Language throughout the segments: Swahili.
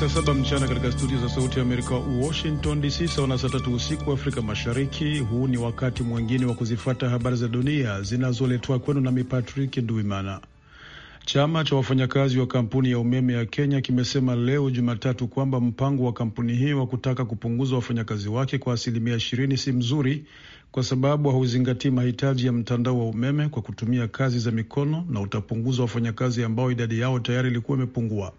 saa saba mchana katika studio za Sauti ya Amerika, Washington DC, sawa na saa tatu usiku Afrika Mashariki. Huu ni wakati mwingine wa kuzifata habari za dunia zinazoletwa kwenu nami Patrick Nduimana. Chama cha wafanyakazi wa kampuni ya umeme ya Kenya kimesema leo Jumatatu kwamba mpango wa kampuni hiyo wa kutaka kupunguza wafanyakazi wake kwa asilimia ishirini si mzuri kwa sababu hauzingatii mahitaji ya mtandao wa umeme kwa kutumia kazi za mikono na utapunguza wafanyakazi ambao idadi yao tayari ilikuwa imepungua.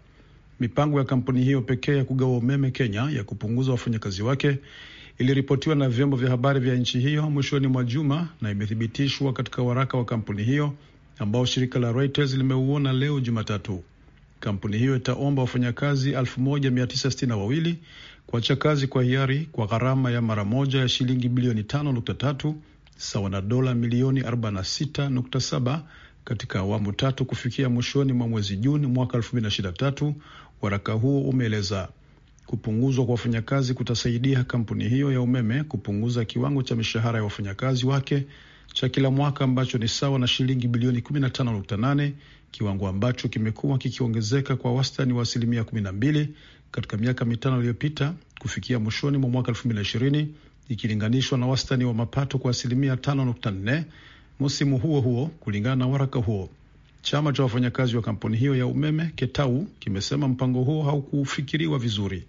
Mipango ya kampuni hiyo pekee ya kugawa umeme Kenya ya kupunguza wafanyakazi wake iliripotiwa na vyombo vya habari vya nchi hiyo mwishoni mwa juma na imethibitishwa katika waraka wa kampuni hiyo ambao shirika la Reuters limeuona leo Jumatatu. Kampuni hiyo itaomba wafanyakazi 1962 kuacha kazi kwa hiari kwa gharama ya mara moja ya shilingi bilioni 5.3 sawa na dola milioni 46.7 katika awamu tatu kufikia mwishoni mwa mwezi Juni mwaka 2023. Waraka huo umeeleza kupunguzwa kwa wafanyakazi kutasaidia kampuni hiyo ya umeme kupunguza kiwango cha mishahara ya wafanyakazi wake cha kila mwaka ambacho ni sawa na shilingi bilioni 15.8, kiwango ambacho kimekuwa kikiongezeka kwa wastani wa asilimia 12 katika miaka mitano iliyopita kufikia mwishoni mwa mwaka 2020 ikilinganishwa na wastani wa mapato kwa asilimia 5.4 Msimu huo huo, kulingana na waraka huo, chama cha wafanyakazi wa kampuni hiyo ya umeme KETAU kimesema mpango huo haukufikiriwa vizuri.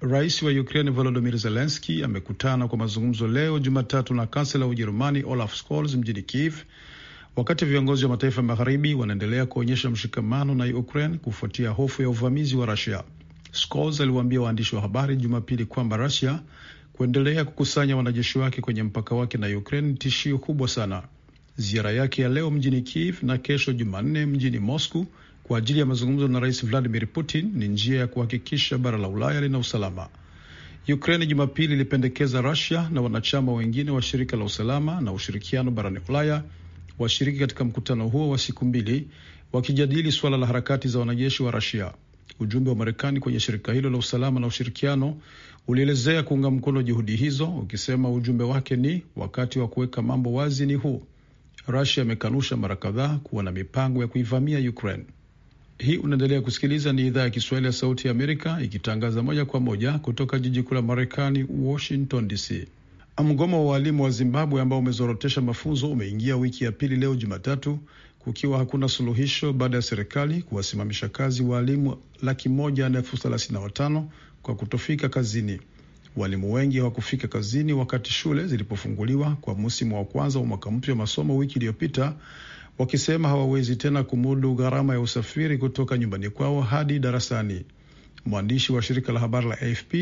Rais wa Ukraine Volodymyr Zelensky amekutana kwa mazungumzo leo Jumatatu na kansela wa Ujerumani Olaf Scholz mjini Kiev, wakati viongozi wa mataifa magharibi wanaendelea kuonyesha mshikamano na Ukraine kufuatia hofu ya uvamizi wa rasia Scholz aliwaambia waandishi wa habari Jumapili kwamba Rusia kuendelea kukusanya wanajeshi wake kwenye mpaka wake na Ukraine tishio kubwa sana ziara yake ya leo mjini Kiev na kesho Jumanne mjini Moscow kwa ajili ya mazungumzo na Rais Vladimir Putin ni njia ya kuhakikisha bara la Ulaya lina usalama. Ukraine Jumapili ilipendekeza Rusia na wanachama wengine wa shirika la usalama na ushirikiano barani Ulaya washiriki katika mkutano huo wa siku mbili wakijadili suala la harakati za wanajeshi wa Rusia. Ujumbe wa Marekani kwenye shirika hilo la usalama na ushirikiano ulielezea kuunga mkono juhudi hizo, ukisema ujumbe wake ni wakati wa kuweka mambo wazi ni huu, Rusia imekanusha mara kadhaa kuwa na mipango ya kuivamia Ukraine. Hii unaendelea kusikiliza, ni idhaa ya Kiswahili ya Sauti ya Amerika ikitangaza moja kwa moja kutoka jiji kuu la Marekani, Washington DC. Mgomo wa waalimu wa Zimbabwe ambao umezorotesha mafunzo umeingia wiki ya pili leo Jumatatu, kukiwa hakuna suluhisho baada ya serikali kuwasimamisha kazi waalimu laki moja na elfu thelathini na watano kwa kutofika kazini. Walimu wengi hawakufika kazini wakati shule zilipofunguliwa kwa msimu wa kwanza wa mwaka mpya wa masomo wiki iliyopita, wakisema hawawezi tena kumudu gharama ya usafiri kutoka nyumbani kwao hadi darasani. Mwandishi wa shirika la habari la AFP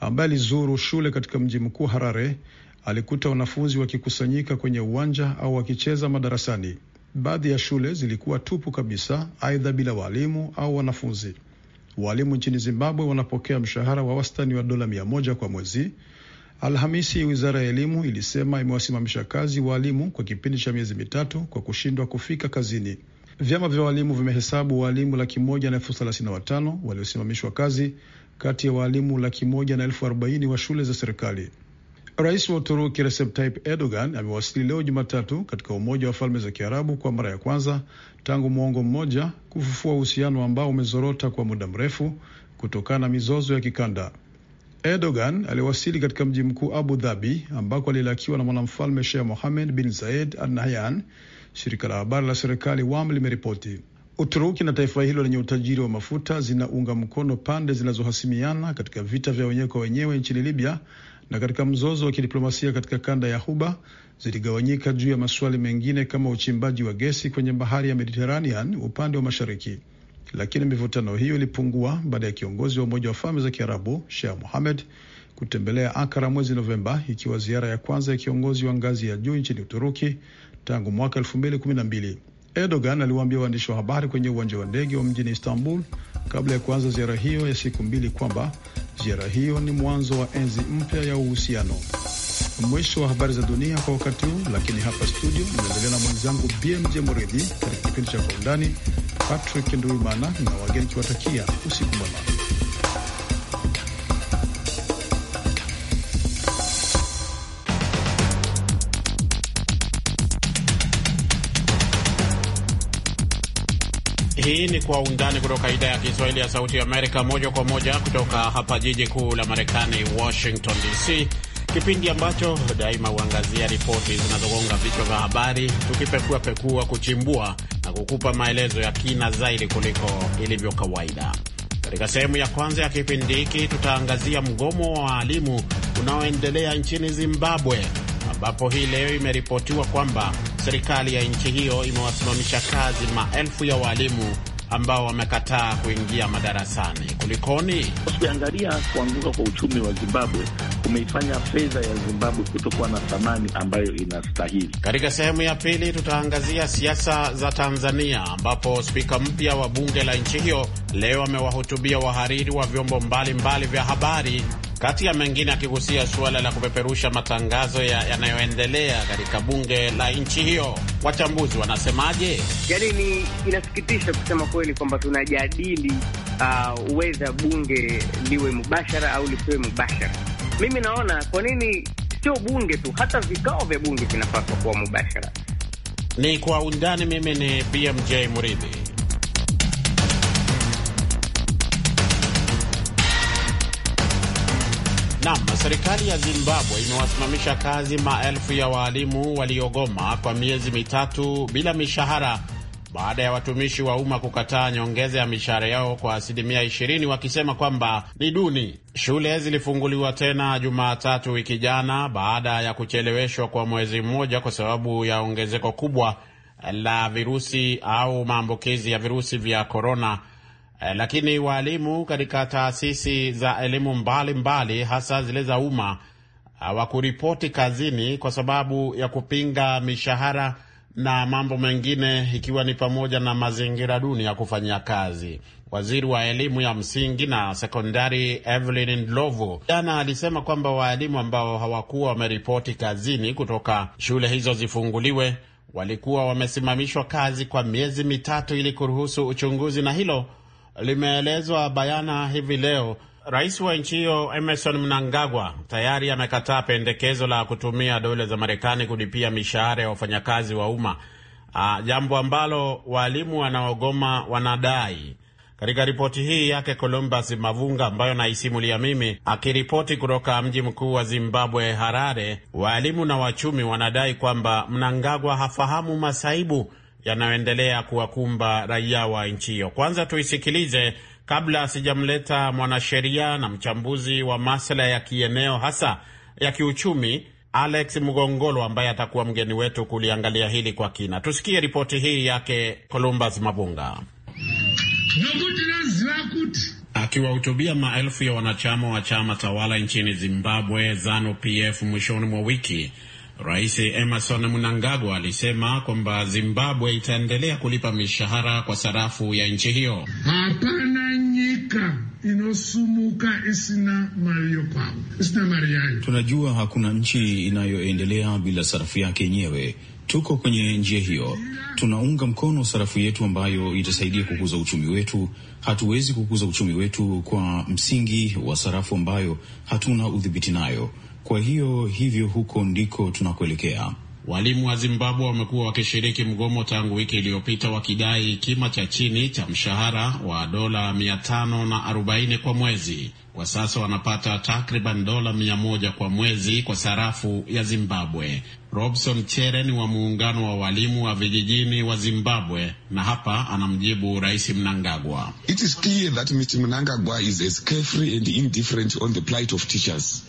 ambaye alizuru shule katika mji mkuu Harare alikuta wanafunzi wakikusanyika kwenye uwanja au wakicheza madarasani. Baadhi ya shule zilikuwa tupu kabisa, aidha bila walimu au wanafunzi. Walimu nchini Zimbabwe wanapokea mshahara wa wastani wa dola mia moja kwa mwezi. Alhamisi, wizara ya elimu ilisema imewasimamisha kazi waalimu kwa kipindi cha miezi mitatu kwa kushindwa kufika kazini. Vyama vya waalimu vimehesabu waalimu laki moja na elfu thelathini na watano waliosimamishwa kazi kati ya waalimu laki moja na elfu arobaini wa shule za serikali. Rais wa Uturuki Recep Tayyip Erdogan amewasili leo Jumatatu katika Umoja wa Falme za Kiarabu kwa mara ya kwanza tangu mwongo mmoja kufufua uhusiano ambao umezorota kwa muda mrefu kutokana na mizozo ya kikanda. Erdogan aliwasili katika mji mkuu Abu Dhabi ambako alilakiwa na mwanamfalme Sheikh Mohammed bin Zayed Al Nahyan, shirika la habari la serikali WAM limeripoti. Uturuki na taifa hilo lenye utajiri wa mafuta zinaunga mkono pande zinazohasimiana katika vita vya wenyewe kwa wenyewe nchini Libya na katika mzozo wa kidiplomasia katika kanda ya huba ziligawanyika juu ya maswali mengine kama uchimbaji wa gesi kwenye bahari ya mediteranean upande wa mashariki, lakini mivutano hiyo ilipungua baada ya kiongozi wa Umoja wa Falme za Kiarabu Sheikh Mohammed kutembelea Ankara mwezi Novemba, ikiwa ziara ya kwanza ya kiongozi wa ngazi ya juu nchini Uturuki tangu mwaka 2012. Erdogan aliwaambia waandishi wa habari kwenye uwanja wa ndege wa mjini Istanbul kabla ya kuanza ziara hiyo ya siku mbili kwamba ziara hiyo ni mwanzo wa enzi mpya ya uhusiano. Mwisho wa habari za dunia kwa wakati huu, lakini hapa studio inaendelea na mwenzangu BMJ Muridhi katika kipindi cha Kwa Undani. Patrick Nduimana na wageni kiwatakia usiku mwema. Hii ni Kwa Undani kutoka idhaa ya Kiswahili ya Sauti ya Amerika, moja kwa moja kutoka hapa jiji kuu la Marekani, Washington DC, kipindi ambacho daima huangazia ripoti zinazogonga vichwa vya habari, tukipekuapekua, kuchimbua na kukupa maelezo ya kina zaidi kuliko ilivyo kawaida. Katika sehemu ya kwanza ya kipindi hiki tutaangazia mgomo wa waalimu unaoendelea nchini Zimbabwe, ambapo hii leo imeripotiwa kwamba serikali ya nchi hiyo imewasimamisha kazi maelfu ya walimu ambao wamekataa kuingia madarasani. Kulikoni? Ukiangalia kuanguka kwa uchumi wa Zimbabwe kumeifanya fedha ya Zimbabwe kutokuwa na thamani ambayo inastahili. Katika sehemu ya pili, tutaangazia siasa za Tanzania, ambapo spika mpya wa bunge la nchi hiyo leo amewahutubia wahariri wa vyombo mbalimbali mbali vya habari kati ya mengine akigusia suala la kupeperusha matangazo yanayoendelea ya katika bunge la nchi hiyo. Wachambuzi wanasemaje? Yani ni inasikitisha kusema kweli kwamba tunajadili uh, uweza bunge liwe mubashara au lisiwe mubashara. Mimi naona kwa nini sio bunge tu, hata vikao vya bunge vinapaswa kuwa mubashara. Ni kwa undani. Mimi ni BMJ Muridhi. Nam, serikali ya Zimbabwe imewasimamisha kazi maelfu ya waalimu waliogoma kwa miezi mitatu bila mishahara baada ya watumishi wa umma kukataa nyongeza ya mishahara yao kwa asilimia 20 wakisema kwamba ni duni. Shule zilifunguliwa tena Jumatatu wiki jana baada ya kucheleweshwa kwa mwezi mmoja kwa sababu ya ongezeko kubwa la virusi au maambukizi ya virusi vya korona Eh, lakini waalimu katika taasisi za elimu mbalimbali mbali, hasa zile za umma hawakuripoti kazini kwa sababu ya kupinga mishahara na mambo mengine ikiwa ni pamoja na mazingira duni ya kufanyia kazi. Waziri wa elimu ya msingi na sekondari Evelyn Ndlovu jana alisema kwamba waalimu ambao hawakuwa wameripoti kazini kutoka shule hizo zifunguliwe walikuwa wamesimamishwa kazi kwa miezi mitatu ili kuruhusu uchunguzi, na hilo limeelezwa bayana hivi leo. Rais wa nchi hiyo Emerson Mnangagwa tayari amekataa pendekezo la kutumia dola za Marekani kulipia mishahara ya wafanyakazi wa umma, jambo ambalo waalimu wanaogoma wanadai. Katika ripoti hii yake Columbus Mavunga ambayo naisimulia mimi, akiripoti kutoka mji mkuu wa Zimbabwe, Harare, waalimu na wachumi wanadai kwamba Mnangagwa hafahamu masaibu yanayoendelea kuwakumba raia wa nchi hiyo. Kwanza tuisikilize kabla sijamleta mwanasheria na mchambuzi wa masuala ya kieneo hasa ya kiuchumi Alex Mgongolo ambaye atakuwa mgeni wetu kuliangalia hili kwa kina. Tusikie ripoti hii yake Columbus Mabunga. Akiwahutubia maelfu ya wanachama wa chama tawala nchini Zimbabwe ZANU PF mwishoni mwa wiki Rais Emerson Mnangagwa alisema kwamba Zimbabwe itaendelea kulipa mishahara kwa sarafu ya nchi hiyo. Hapana nyika inosumuka isina mali isina mali yayo. Tunajua hakuna nchi inayoendelea bila sarafu yake yenyewe. Tuko kwenye njia hiyo, tunaunga mkono sarafu yetu ambayo itasaidia kukuza uchumi wetu. Hatuwezi kukuza uchumi wetu kwa msingi wa sarafu ambayo hatuna udhibiti nayo. Kwa hiyo hivyo huko ndiko tunakuelekea. Walimu wa Zimbabwe wamekuwa wakishiriki mgomo tangu wiki iliyopita wakidai kima cha chini cha mshahara wa dola mia na kwa mwezi kwa sasa wanapata takriban dola mia moja kwa mwezi kwa sarafu ya Zimbabwe. Robson Chere ni wa muungano wa walimu wa vijijini wa Zimbabwe, na hapa anamjibu Rais Mnangagwa. It is clear that Mr. Mnangagwa is as carefree and indifferent on the plight of teachers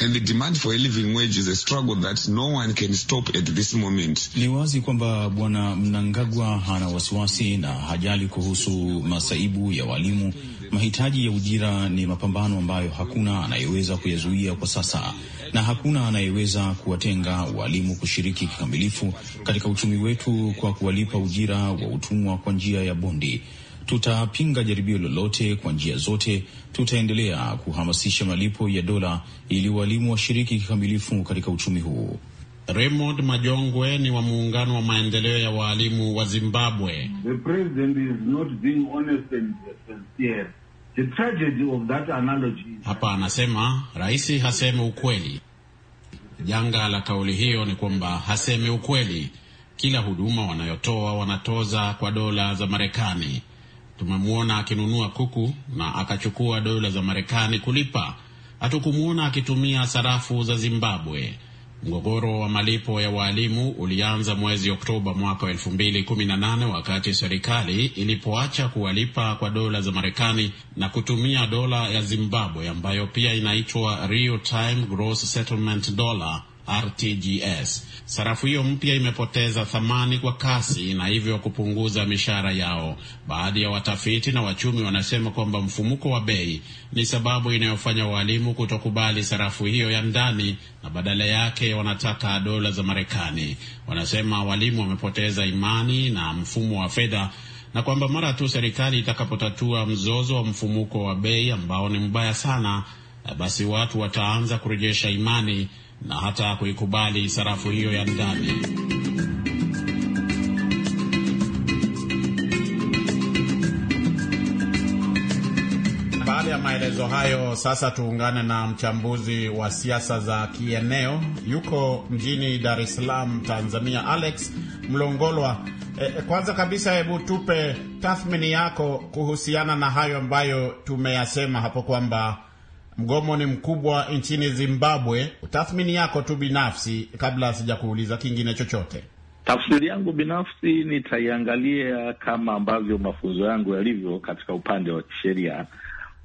and the demand for a living wage is a struggle that no one can stop at this moment. Ni wazi kwamba Bwana Mnangagwa hana wasiwasi na hajali kuhusu masaibu ya walimu. Mahitaji ya ujira ni mapambano mapambano ambayo hakuna anayeweza kuyazuia kwa sasa, na hakuna anayeweza kuwatenga walimu kushiriki kikamilifu katika uchumi wetu kwa kuwalipa ujira wa utumwa kwa njia ya bondi. Tutapinga jaribio lolote kwa njia zote. Tutaendelea kuhamasisha malipo ya dola ili walimu washiriki kikamilifu katika uchumi huu. Raymond Majongwe ni wa muungano wa maendeleo ya waalimu wa Zimbabwe. The president is not being honest and sincere. The tragedy of that analogy. Hapa anasema rais hasemi ukweli. Janga la kauli hiyo ni kwamba hasemi ukweli. Kila huduma wanayotoa wanatoza kwa dola za Marekani. Tumemwona akinunua kuku na akachukua dola za Marekani kulipa. Hatukumwona akitumia sarafu za Zimbabwe. Mgogoro wa malipo ya waalimu ulianza mwezi Oktoba mwaka 2018 wakati serikali ilipoacha kuwalipa kwa dola za Marekani na kutumia dola ya Zimbabwe ambayo pia inaitwa real time gross settlement dollar RTGS. Sarafu hiyo mpya imepoteza thamani kwa kasi na hivyo kupunguza mishahara yao. Baadhi ya watafiti na wachumi wanasema kwamba mfumuko wa bei ni sababu inayofanya walimu kutokubali sarafu hiyo ya ndani na badala yake wanataka dola za Marekani. Wanasema walimu wamepoteza imani na mfumo wa fedha na kwamba mara tu serikali itakapotatua mzozo wa mfumuko wa bei ambao ni mbaya sana, basi watu wataanza kurejesha imani na hata kuikubali sarafu hiyo ya ndani. Baada ya maelezo hayo, sasa tuungane na mchambuzi wa siasa za kieneo, yuko mjini Dar es Salaam, Tanzania, Alex Mlongolwa. E, e kwanza kabisa hebu tupe tathmini yako kuhusiana na hayo ambayo tumeyasema hapo kwamba Mgomo ni mkubwa nchini Zimbabwe. Tathmini yako tu binafsi, kabla sijakuuliza kingine chochote. Tafsiri yangu binafsi nitaiangalia kama ambavyo mafunzo yangu yalivyo katika upande wa kisheria,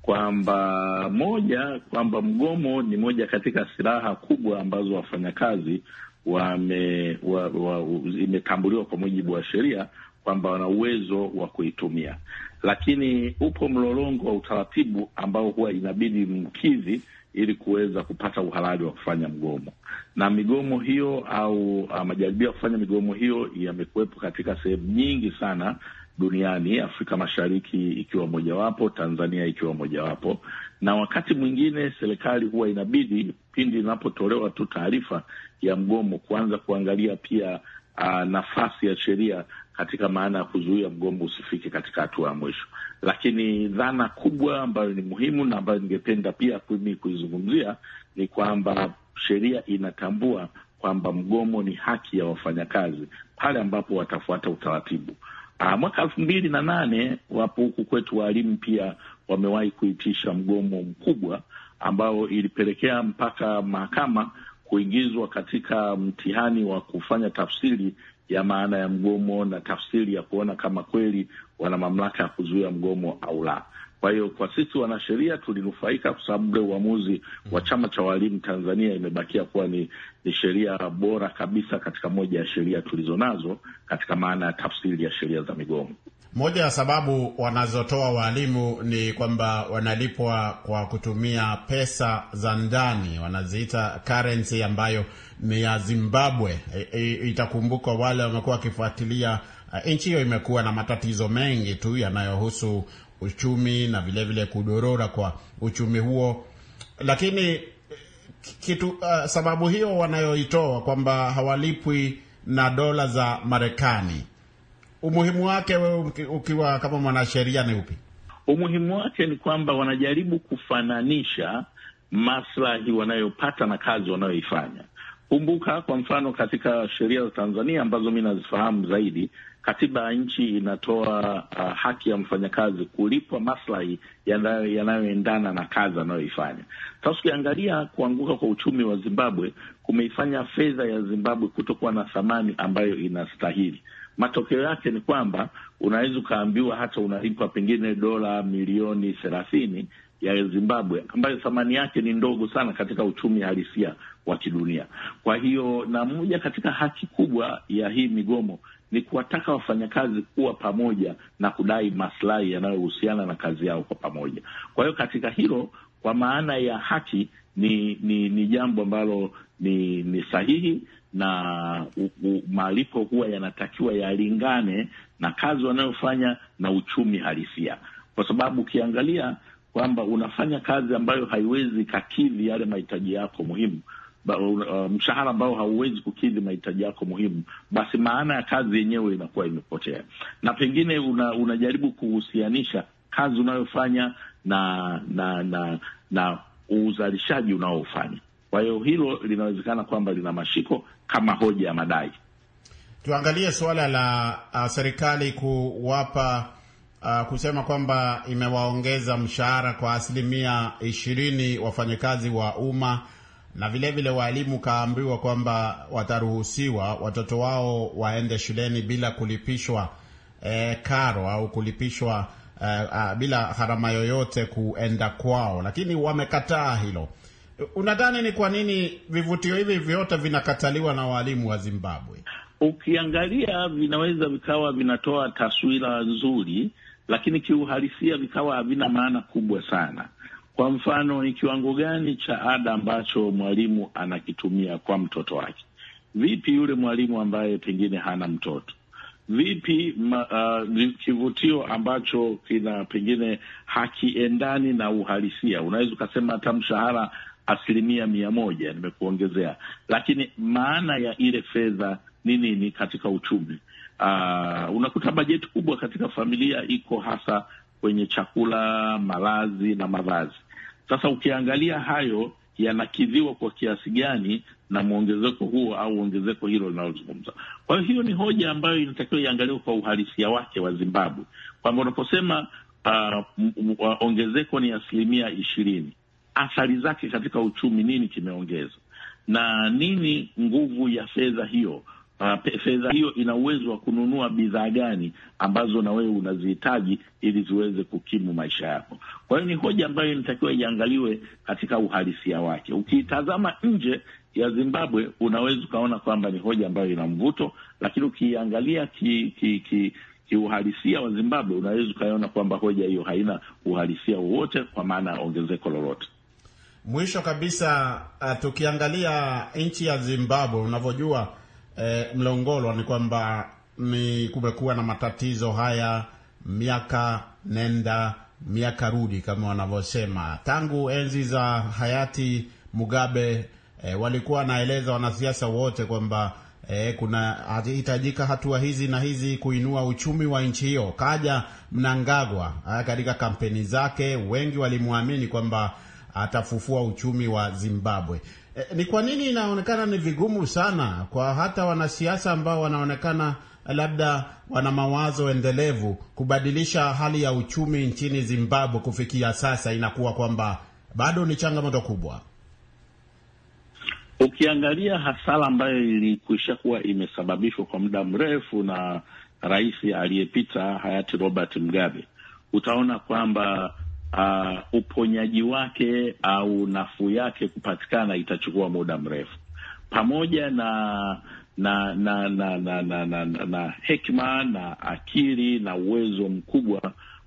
kwamba moja, kwamba mgomo ni moja katika silaha kubwa ambazo wafanyakazi wame wa, wa, imetambuliwa kwa mujibu wa sheria kwamba wana uwezo wa kuitumia lakini upo mlolongo wa utaratibu ambao huwa inabidi mkidhi ili kuweza kupata uhalali wa kufanya mgomo na migomo hiyo au uh, majaribio ya kufanya migomo hiyo yamekuwepo katika sehemu nyingi sana duniani, Afrika Mashariki ikiwa mojawapo, Tanzania ikiwa mojawapo. Na wakati mwingine serikali huwa inabidi pindi inapotolewa tu taarifa ya mgomo, kuanza kuangalia pia uh, nafasi ya sheria katika maana ya kuzuia mgombo usifike katika hatua ya mwisho. Lakini dhana kubwa ambayo ni muhimu na ambayo ningependa pia mimi kuizungumzia ni kwamba sheria inatambua kwamba mgomo ni haki ya wafanyakazi pale ambapo watafuata utaratibu. Aa, ah, mwaka elfu mbili na nane wapo huku kwetu waalimu pia wamewahi kuitisha mgomo mkubwa ambao ilipelekea mpaka mahakama kuingizwa katika mtihani wa kufanya tafsiri ya maana ya mgomo na tafsiri ya kuona kama kweli wana mamlaka ya kuzuia mgomo au la. Kwa hiyo kwa sisi wanasheria tulinufaika kwa sababu ule uamuzi wa chama cha walimu Tanzania imebakia kuwa ni, ni sheria bora kabisa katika moja ya sheria tulizonazo katika maana ya tafsiri ya sheria za migomo. Moja ya sababu wanazotoa waalimu ni kwamba wanalipwa kwa kutumia pesa za ndani, wanaziita currency ambayo ni ya Zimbabwe. E, e, itakumbukwa wale wamekuwa wakifuatilia, e, nchi hiyo imekuwa na matatizo mengi tu yanayohusu uchumi na vilevile vile kudorora kwa uchumi huo, lakini kitu uh, sababu hiyo wanayoitoa kwamba hawalipwi na dola za Marekani umuhimu wake wewe ukiwa kama mwanasheria ni upi? Umuhimu wake ni kwamba wanajaribu kufananisha maslahi wanayopata na kazi wanayoifanya. Kumbuka, kwa mfano, katika sheria za Tanzania ambazo mi nazifahamu zaidi katiba ya nchi inatoa uh, haki ya mfanyakazi kulipwa maslahi yanayoendana na kazi anayoifanya. Sasa ukiangalia kuanguka kwa uchumi wa Zimbabwe kumeifanya fedha ya Zimbabwe kutokuwa na thamani ambayo inastahili. Matokeo yake ni kwamba unaweza ukaambiwa hata unalipwa pengine dola milioni thelathini ya Zimbabwe ambayo thamani yake ni ndogo sana katika uchumi halisia wa kidunia. Kwa hiyo na moja katika haki kubwa ya hii migomo ni kuwataka wafanyakazi kuwa pamoja na kudai maslahi yanayohusiana na kazi yao kwa pamoja. Kwa hiyo katika hilo, kwa maana ya haki, ni ni, ni jambo ambalo ni ni sahihi na malipo huwa yanatakiwa yalingane na kazi wanayofanya na uchumi halisia, kwa sababu ukiangalia kwamba unafanya kazi ambayo haiwezi kakidhi yale mahitaji yako muhimu, uh, mshahara ambao hauwezi kukidhi mahitaji yako muhimu, basi maana ya kazi yenyewe inakuwa imepotea, na pengine una, unajaribu kuhusianisha kazi unayofanya na na na na uzalishaji unaofanya. Kwa hiyo hilo linawezekana kwamba lina mashiko kama hoja ya madai. Tuangalie suala la uh, serikali kuwapa Uh, kusema kwamba imewaongeza mshahara kwa asilimia ishirini wafanyakazi wa umma na vilevile waalimu kaambiwa kwamba wataruhusiwa watoto wao waende shuleni bila kulipishwa e, karo au kulipishwa e, a, bila gharama yoyote kuenda kwao, lakini wamekataa hilo. Unadhani ni kwa nini vivutio hivi vyote vinakataliwa na waalimu wa Zimbabwe? Ukiangalia vinaweza vikawa vinatoa taswira nzuri, lakini kiuhalisia vikawa havina maana kubwa sana kwa mfano, ni kiwango gani cha ada ambacho mwalimu anakitumia kwa mtoto wake? Vipi yule mwalimu ambaye pengine hana mtoto? Vipi uh, kivutio ambacho kina pengine hakiendani na uhalisia? Unaweza ukasema hata mshahara asilimia mia moja nimekuongezea, lakini maana ya ile fedha ni nini katika uchumi? Uh, unakuta bajeti kubwa katika familia iko hasa kwenye chakula, malazi na mavazi. Sasa ukiangalia hayo yanakidhiwa kwa kiasi gani na mwongezeko huo au ongezeko hilo linalozungumza. Kwa hiyo hiyo ni hoja ambayo inatakiwa iangaliwe kwa uhalisia wake wa Zimbabwe, kwamba unaposema uh, ongezeko ni asilimia ishirini, athari zake katika uchumi, nini kimeongeza na nini nguvu ya fedha hiyo uh, fedha hiyo ina uwezo wa kununua bidhaa gani ambazo na wewe unazihitaji ili ziweze kukimu maisha yako. Kwa hiyo ni hoja ambayo inatakiwa iangaliwe katika uhalisia wake. Ukiitazama nje ya Zimbabwe unaweza ukaona kwamba ni hoja ambayo ina mvuto, lakini ukiangalia ki, ki, ki wa Zimbabwe unaweza ukaona kwamba hoja hiyo haina uhalisia wowote, kwa maana ya ongezeko lolote. Mwisho kabisa, uh, tukiangalia nchi ya Zimbabwe unavyojua eh, mlongolwa ni kwamba ni kumekuwa na matatizo haya miaka nenda miaka rudi, kama wanavyosema tangu enzi za hayati Mugabe. Eh, walikuwa wanaeleza wanasiasa wote kwamba eh, hitajika hatua hizi na hizi kuinua uchumi wa nchi hiyo. Kaja Mnangagwa eh, katika kampeni zake, wengi walimwamini kwamba atafufua uchumi wa Zimbabwe. Eh, ni kwa nini inaonekana ni vigumu sana kwa hata wanasiasa ambao wanaonekana eh, labda wana mawazo endelevu kubadilisha hali ya uchumi nchini Zimbabwe kufikia sasa? Inakuwa kwamba bado ni changamoto kubwa. Ukiangalia hasara ambayo ilikwisha kuwa imesababishwa kwa muda mrefu na rais aliyepita hayati Robert Mugabe, utaona kwamba uh, uponyaji wake au nafuu yake kupatikana itachukua muda mrefu, pamoja na na na na na, na, na, na, na hekima na akili na uwezo mkubwa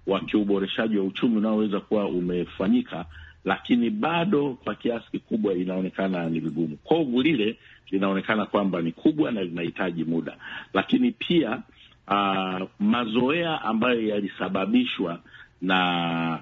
wa kiuboreshaji wa uchumi unaoweza kuwa umefanyika, lakini bado kwa kiasi kikubwa inaonekana ni vigumu. Kovu lile linaonekana kwamba ni kubwa na linahitaji muda, lakini pia uh, mazoea ambayo yalisababishwa na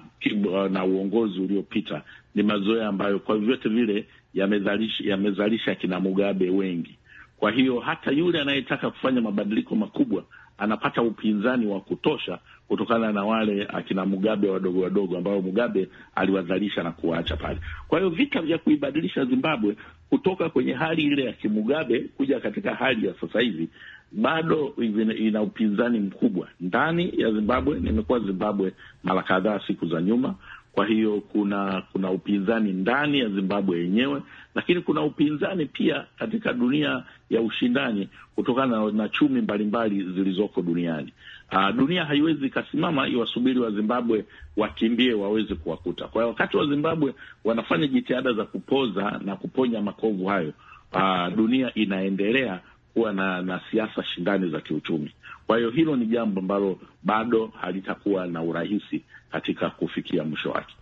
na uongozi uliopita ni mazoea ambayo kwa vyovyote vile yamezalisha yamezalisha kina Mugabe wengi. Kwa hiyo hata yule anayetaka kufanya mabadiliko makubwa anapata upinzani wa kutosha kutokana na wale akina Mugabe wadogo wadogo ambao Mugabe aliwazalisha na kuwaacha pale. Kwa hiyo vita vya kuibadilisha Zimbabwe kutoka kwenye hali ile ya kimugabe kuja katika hali ya sasa hivi bado ina upinzani mkubwa ndani ya Zimbabwe. Nimekuwa Zimbabwe mara kadhaa siku za nyuma, kwa hiyo kuna kuna upinzani ndani ya Zimbabwe yenyewe, lakini kuna upinzani pia katika dunia ya ushindani kutokana na chumi mbalimbali zilizoko duniani. Uh, dunia haiwezi ikasimama iwasubiri wa Zimbabwe wakimbie waweze kuwakuta. Kwa hiyo wakati wa Zimbabwe wanafanya jitihada za kupoza na kuponya makovu hayo, uh, dunia inaendelea kuwa na, na siasa shindani za kiuchumi. Kwa hiyo hilo ni jambo ambalo bado halitakuwa na urahisi katika kufikia mwisho wake.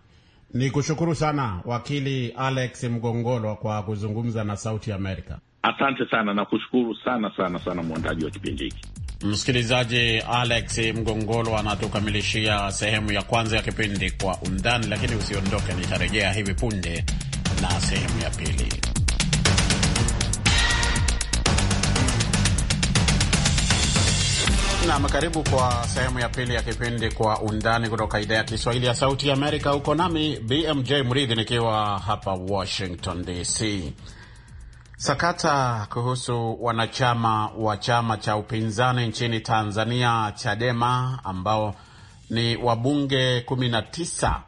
Ni kushukuru sana wakili Alex Mgongolo kwa kuzungumza na Sauti Amerika. Asante sana na kushukuru sana sana sana mwandaji wa kipindi hiki. Msikilizaji, Alex Mgongolo anatukamilishia sehemu ya kwanza ya kipindi Kwa Undani, lakini usiondoke, nitarejea hivi punde na sehemu ya pili. Nam, karibu kwa sehemu ya pili ya kipindi Kwa Undani kutoka idhaa ya Kiswahili ya Sauti ya Amerika. Huko nami BMJ Mridhi nikiwa hapa Washington DC. Sakata kuhusu wanachama wa chama cha upinzani nchini Tanzania, Chadema, ambao ni wabunge 19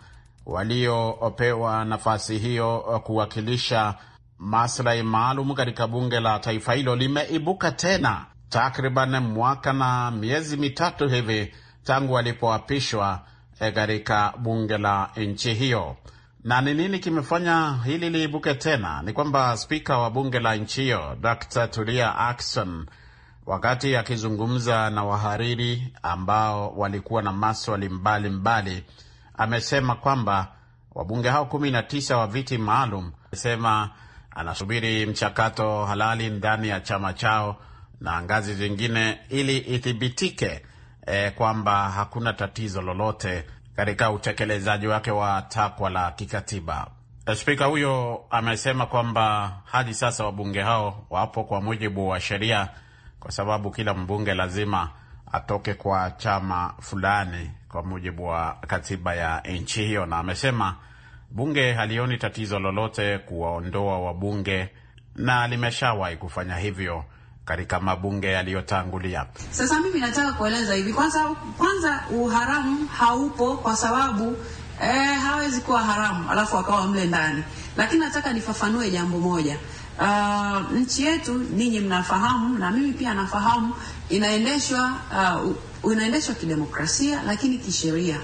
waliopewa nafasi hiyo kuwakilisha maslahi maalum katika bunge la taifa hilo limeibuka tena takriban mwaka na miezi mitatu hivi tangu alipoapishwa eh, katika bunge la nchi hiyo. Na ni nini kimefanya hili liibuke tena? Ni kwamba spika wa bunge la nchi hiyo Dr. Tulia Ackson wakati akizungumza na wahariri ambao walikuwa na maswali mbalimbali, amesema kwamba wabunge hao kumi na tisa wa viti maalum, amesema anasubiri mchakato halali ndani ya chama chao na ngazi zingine ili ithibitike e, kwamba hakuna tatizo lolote katika utekelezaji wake wa takwa la kikatiba. Eh, spika huyo amesema kwamba hadi sasa wabunge hao wapo kwa mujibu wa sheria, kwa sababu kila mbunge lazima atoke kwa chama fulani kwa mujibu wa katiba ya nchi hiyo, na amesema bunge halioni tatizo lolote kuwaondoa wabunge na limeshawahi kufanya hivyo katika mabunge yaliyotangulia. Sasa mimi nataka kueleza hivi, kwanza kwanza uharamu haupo kwa sababu eh, hawezi kuwa haramu alafu akawa mle ndani, lakini nataka nifafanue jambo moja. Uh, nchi yetu ninyi mnafahamu na mimi pia nafahamu inaendeshwa uh, inaendeshwa kidemokrasia lakini kisheria.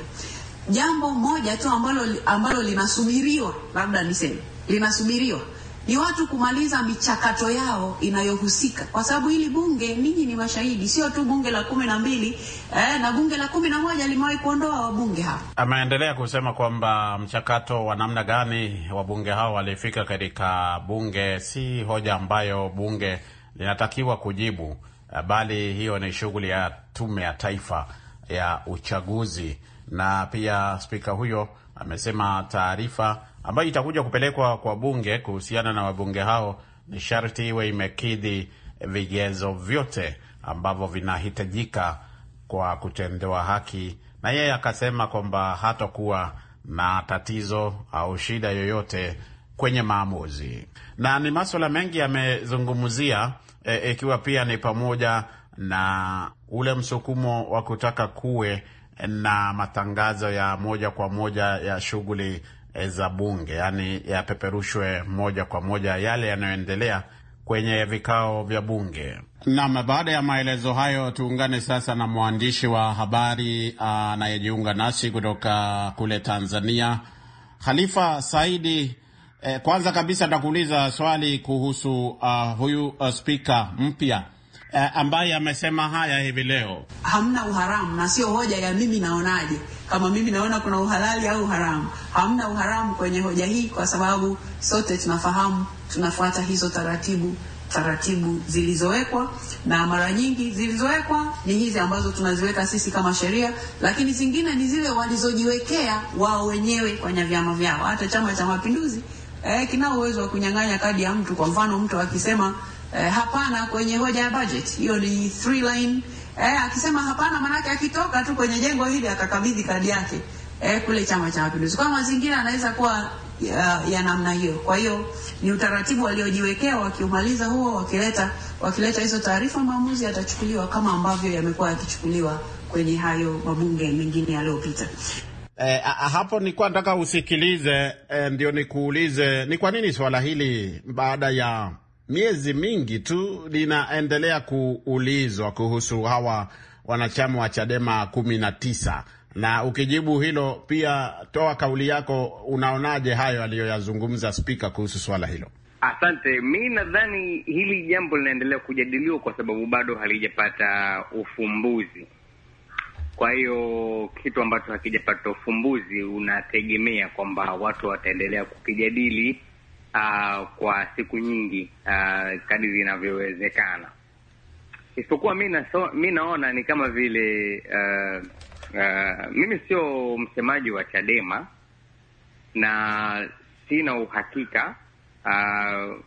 Jambo moja tu ambalo ambalo linasubiriwa labda niseme linasubiriwa ni watu kumaliza michakato yao inayohusika, kwa sababu hili bunge, ninyi ni mashahidi, sio tu bunge la kumi na mbili eh, na bunge la kumi na moja limewahi kuondoa wabunge hao. Ameendelea kusema kwamba mchakato wa namna gani wabunge hao walifika katika bunge si hoja ambayo bunge linatakiwa kujibu, eh, bali hiyo ni shughuli ya tume ya taifa ya uchaguzi. Na pia spika huyo amesema taarifa ambayo itakuja kupelekwa kwa bunge. Kuhusiana na wabunge hao, ni sharti iwe imekidhi vigezo vyote ambavyo vinahitajika kwa kutendewa haki, na yeye akasema kwamba hatakuwa na tatizo au shida yoyote kwenye maamuzi, na ni maswala mengi yamezungumzia e, ikiwa e, e, pia ni pamoja na ule msukumo wa kutaka kuwe na matangazo ya moja kwa moja ya shughuli Eh, za bunge, yaani yapeperushwe moja kwa moja yale yanayoendelea kwenye vikao vya bunge. Naam, baada ya maelezo hayo, tuungane sasa na mwandishi wa habari ah, anayejiunga nasi kutoka kule Tanzania, Khalifa Saidi. Eh, kwanza kabisa takuuliza swali kuhusu uh, huyu uh, ah, spika mpya uh, ambaye amesema haya hivi leo. Hamna uharamu na sio hoja ya mimi naonaje, kama mimi naona kuna uhalali au haramu. Hamna uharamu kwenye hoja hii, kwa sababu sote tunafahamu tunafuata hizo taratibu taratibu zilizowekwa na mara nyingi zilizowekwa ni hizi ambazo tunaziweka sisi kama sheria, lakini zingine ni zile walizojiwekea wao wenyewe kwenye vyama vyao. Hata Chama cha Mapinduzi eh, kinao uwezo wa kunyang'anya kadi ya mtu. Kwa mfano, mtu akisema eh, hapana kwenye hoja ya budget. Hiyo ni three line eh, akisema hapana, manake akitoka tu kwenye jengo hili akakabidhi kadi yake eh, kule Chama cha Mapinduzi. Kwa mazingira anaweza kuwa ya, ya namna hiyo. Kwa hiyo ni utaratibu waliojiwekea, wakiumaliza huo, wakileta wakileta hizo taarifa, maamuzi yatachukuliwa kama ambavyo yamekuwa yakichukuliwa kwenye hayo mabunge mengine yaliyopita. Eh, hapo nilikuwa nataka usikilize eh, ndio nikuulize ni kwa nini swala hili baada ya miezi mingi tu linaendelea kuulizwa kuhusu hawa wanachama wa Chadema kumi na tisa na ukijibu hilo pia toa kauli yako. Unaonaje hayo aliyoyazungumza spika kuhusu swala hilo? Asante. Mi nadhani hili jambo linaendelea kujadiliwa kwa sababu bado halijapata ufumbuzi. Kwa hiyo kitu ambacho hakijapata ufumbuzi, unategemea kwamba watu wataendelea kukijadili uh, kwa siku nyingi uh, ah, kadi zinavyowezekana, isipokuwa mi so, mi naona ni kama vile uh, uh, mimi sio msemaji wa Chadema na sina uhakika uh,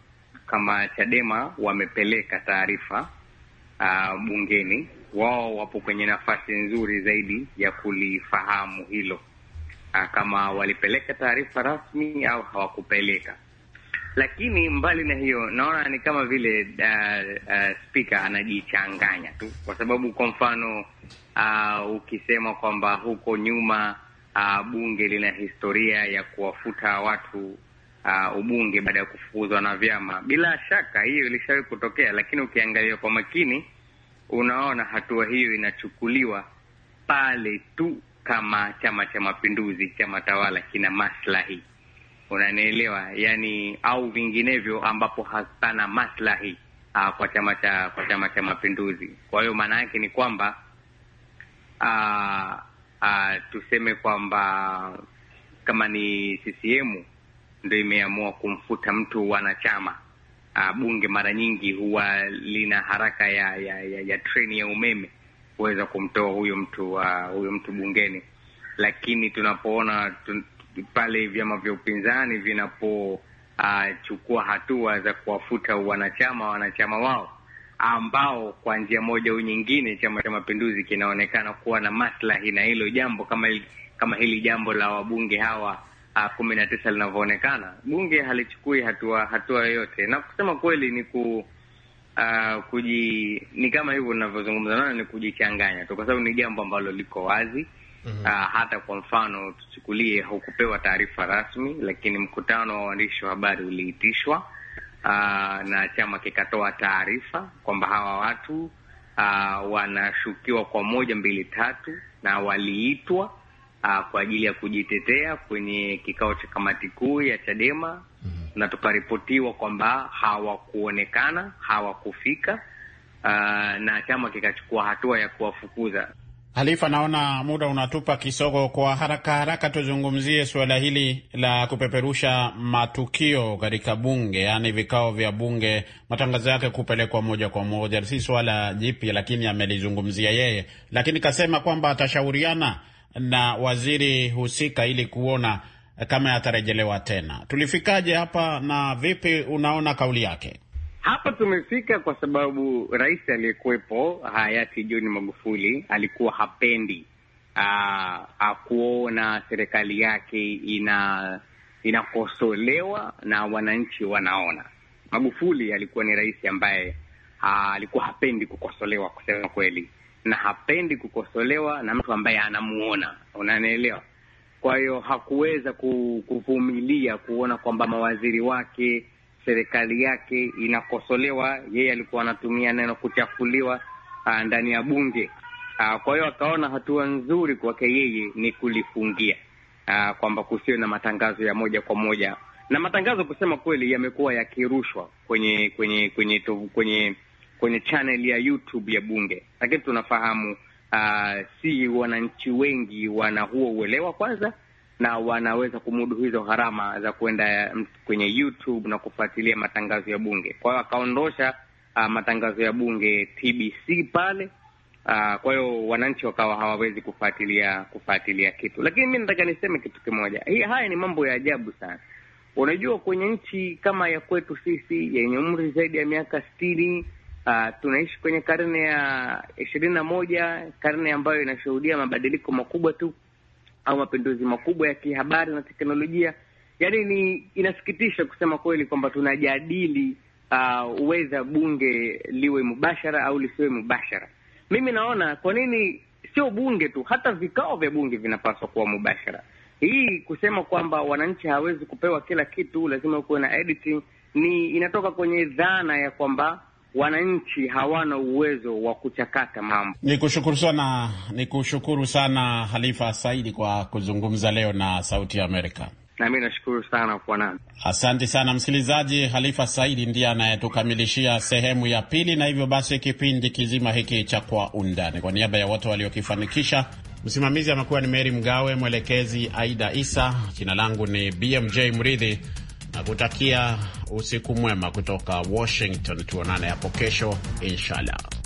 kama Chadema wamepeleka taarifa uh, bungeni. Wao wapo kwenye nafasi nzuri zaidi ya kulifahamu hilo uh, kama walipeleka taarifa rasmi au hawakupeleka. Lakini mbali na hiyo, naona ni kama vile uh, uh, spika anajichanganya tu, kwa sababu kwa mfano uh, ukisema kwamba huko nyuma uh, bunge lina historia ya kuwafuta watu uh, ubunge baada ya kufukuzwa na vyama. Bila shaka hiyo ilishawai kutokea, lakini ukiangalia kwa makini unaona hatua hiyo inachukuliwa pale tu kama Chama cha Mapinduzi, chama tawala, kina maslahi unanielewa yani, au vinginevyo ambapo hapana maslahi uh, kwa chama cha kwa Chama cha Mapinduzi. Kwa hiyo maana yake ni kwamba uh, uh, tuseme kwamba kama ni CCM ndio imeamua kumfuta mtu wanachama uh, bunge mara nyingi huwa lina haraka ya ya, ya, ya treni ya umeme kuweza kumtoa huyo mtu uh, huyo mtu bungeni, lakini tunapoona tun pale vyama vya upinzani vinapochukua uh, hatua za kuwafuta wanachama wanachama wao ambao kwa njia moja au nyingine Chama cha Mapinduzi kinaonekana kuwa na maslahi na hilo jambo, kama hili, kama hili jambo la wabunge hawa uh, kumi na tisa linavyoonekana. Bunge halichukui hatua hatua yoyote, na kusema kweli ni ku uh, kuji, ni kama hivyo ninavyozungumza nayo, ni kujichanganya tu, kwa sababu ni jambo ambalo liko wazi Mm -hmm. Hata kwa mfano tuchukulie, haukupewa taarifa rasmi, lakini mkutano wa waandishi wa habari uliitishwa ah, na chama kikatoa taarifa kwamba hawa watu ah, wanashukiwa kwa moja mbili tatu, na waliitwa kwa ajili ya kujitetea kwenye kikao cha kamati kuu ya Chadema. mm -hmm. Na tukaripotiwa kwamba hawakuonekana, hawakufika, na chama kikachukua hatua ya kuwafukuza. Halifa, naona muda unatupa kisogo. Kwa haraka haraka, tuzungumzie suala hili la kupeperusha matukio katika bunge, yaani vikao vya bunge, matangazo yake kupelekwa moja kwa moja. Si suala jipya, lakini amelizungumzia yeye, lakini kasema kwamba atashauriana na waziri husika ili kuona kama yatarejelewa tena. Tulifikaje hapa na vipi unaona kauli yake? Hapa tumefika kwa sababu rais aliyekuwepo hayati John Magufuli alikuwa hapendi akuona serikali yake ina inakosolewa na wananchi wanaona. Magufuli alikuwa ni rais ambaye alikuwa hapendi kukosolewa kusema kweli, na hapendi kukosolewa na mtu ambaye anamuona, unanielewa? Kwa hiyo hakuweza kuvumilia kuona kwamba mawaziri wake serikali yake inakosolewa, yeye alikuwa anatumia neno kuchafuliwa ah, ndani ya bunge. Ah, kwa hiyo akaona hatua nzuri kwake yeye ni kulifungia ah, kwamba kusiwe na matangazo ya moja kwa moja, na matangazo kusema kweli yamekuwa yakirushwa kwenye kwenye kwenye kwenye, kwenye, channel ya YouTube ya bunge, lakini tunafahamu si wananchi wengi wana huo uelewa kwanza na wanaweza kumudu hizo gharama za kuenda mm, kwenye YouTube na kufuatilia matangazo ya bunge. Kwa hiyo akaondosha uh, matangazo ya bunge TBC pale. Uh, kwa hiyo wananchi wakawa hawawezi kufuatilia kufuatilia kitu, lakini mi nataka niseme kitu kimoja. Hii, haya ni mambo ya ajabu sana. Unajua, kwenye nchi kama ya kwetu sisi yenye umri zaidi ya miaka sitini uh, tunaishi kwenye karne ya ishirini na moja, karne ambayo inashuhudia mabadiliko makubwa tu au mapinduzi makubwa ya kihabari na teknolojia. Yaani ni inasikitisha kusema kweli kwamba tunajadili uh, uweza bunge liwe mubashara au lisiwe mubashara. Mimi naona kwa nini sio bunge tu, hata vikao vya bunge vinapaswa kuwa mubashara. Hii kusema kwamba wananchi hawezi kupewa kila kitu, lazima kuwe na editing, ni inatoka kwenye dhana ya kwamba wananchi hawana uwezo wa kuchakata mambo. Ni kushukuru sana, ni kushukuru sana Halifa Saidi kwa kuzungumza leo na Sauti ya Amerika. Nami nashukuru sana kwa nani. Asante sana msikilizaji. Halifa Saidi ndiye anayetukamilishia sehemu ya pili, na hivyo basi kipindi kizima hiki cha Kwa Undani, kwa niaba ya wote waliokifanikisha, msimamizi amekuwa ni Meri Mgawe, mwelekezi Aida Isa, jina langu ni BMJ Mridhi. Nakutakia usiku mwema kutoka Washington. Tuonane hapo kesho inshallah.